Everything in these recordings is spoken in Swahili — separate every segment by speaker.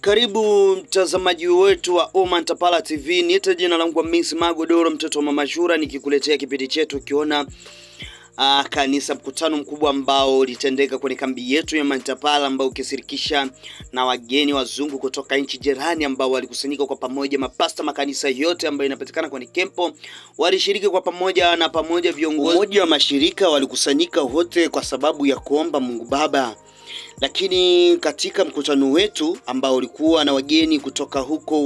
Speaker 1: Karibu mtazamaji wetu wa Oman Tapala TV. Niite jina langu Hamisi Magodoro, mtoto wa mama Shura, nikikuletea kipindi chetu ukiona uh, kanisa, mkutano mkubwa ambao ulitendeka kwenye kambi yetu ya Mantapala ambao ukishirikisha na wageni wazungu kutoka nchi jirani ambao walikusanyika kwa pamoja. Mapasta makanisa yote ambayo inapatikana kwenye kempo walishiriki kwa pamoja, na pamoja viongozi wa mashirika walikusanyika wote kwa sababu ya kuomba Mungu Baba lakini katika mkutano wetu ambao ulikuwa na wageni kutoka huko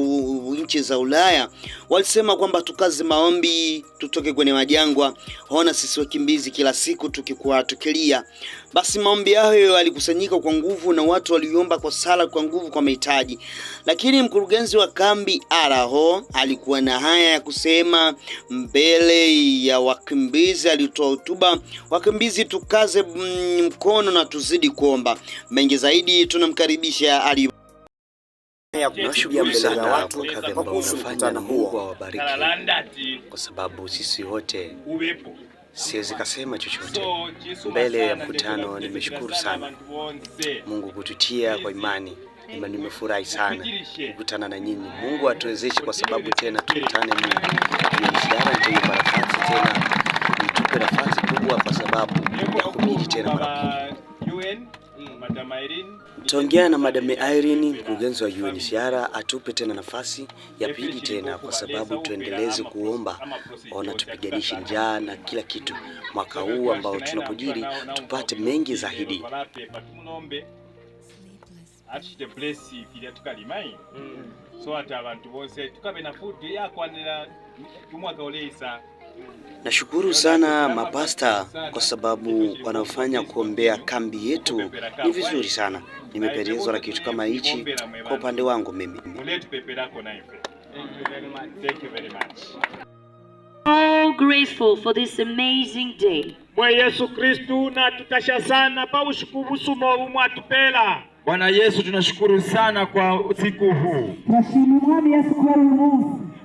Speaker 1: nchi za Ulaya, walisema kwamba tukaze maombi, tutoke kwenye majangwa, ona sisi wakimbizi kila siku tukikuwa tukilia. Basi maombi hayo yalikusanyika kwa nguvu na watu waliomba kwa sala kwa nguvu kwa mahitaji, lakini mkurugenzi wa kambi Araho alikuwa na haya ya kusema mbele ya wakimbizi. Alitoa hotuba: wakimbizi, tukaze mm, mkono na tuzidi kuomba. Mengi zaidi tunamkaribisha Ali
Speaker 2: kwa sababu sisi wote siwezi kasema chochote mbele ya mkutano. Nimeshukuru sana Mungu kututia kwa imani ima, nimefurahi sana kukutana na nyinyi. Mungu atuwezeshe kwa sababu tena tukutane mishahara tena, nitupe nafasi kubwa kwa sababu ya kumiri tena mara pili. Taongea na Madam Irene, mkurugenzi wa UNHCR, atupe tena nafasi ya pili tena, kwa sababu tuendeleze kuomba ona, tupiganishe njaa na kila kitu, mwaka huu ambao tunapojiri tupate mengi zaidi. Nashukuru sana mapasta kwa sababu wanafanya kuombea kambi yetu ni vizuri sana. Nimependezwa na kitu kama hichi kwa upande wangu mimi.
Speaker 3: Mwe Yesu Kristu na tutasha sana pa ushukuru sumo umwe atupela.
Speaker 4: Bwana Yesu tunashukuru sana kwa siku huu.
Speaker 5: Yesu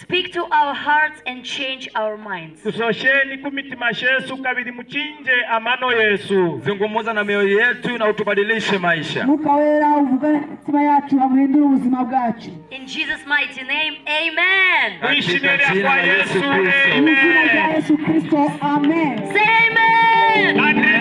Speaker 6: Speak to our hearts and change our minds.
Speaker 3: Tusosheni kumitima shesu kabili muchinje amano Yesu.
Speaker 4: Zungumuza na mioyo yetu na utubadilishe maisha.
Speaker 5: mitima yacu ubuzima bwacu.
Speaker 6: In Jesus mighty name, amen.
Speaker 3: kwa Yesu,
Speaker 5: amen.
Speaker 6: Amen.
Speaker 3: Amen.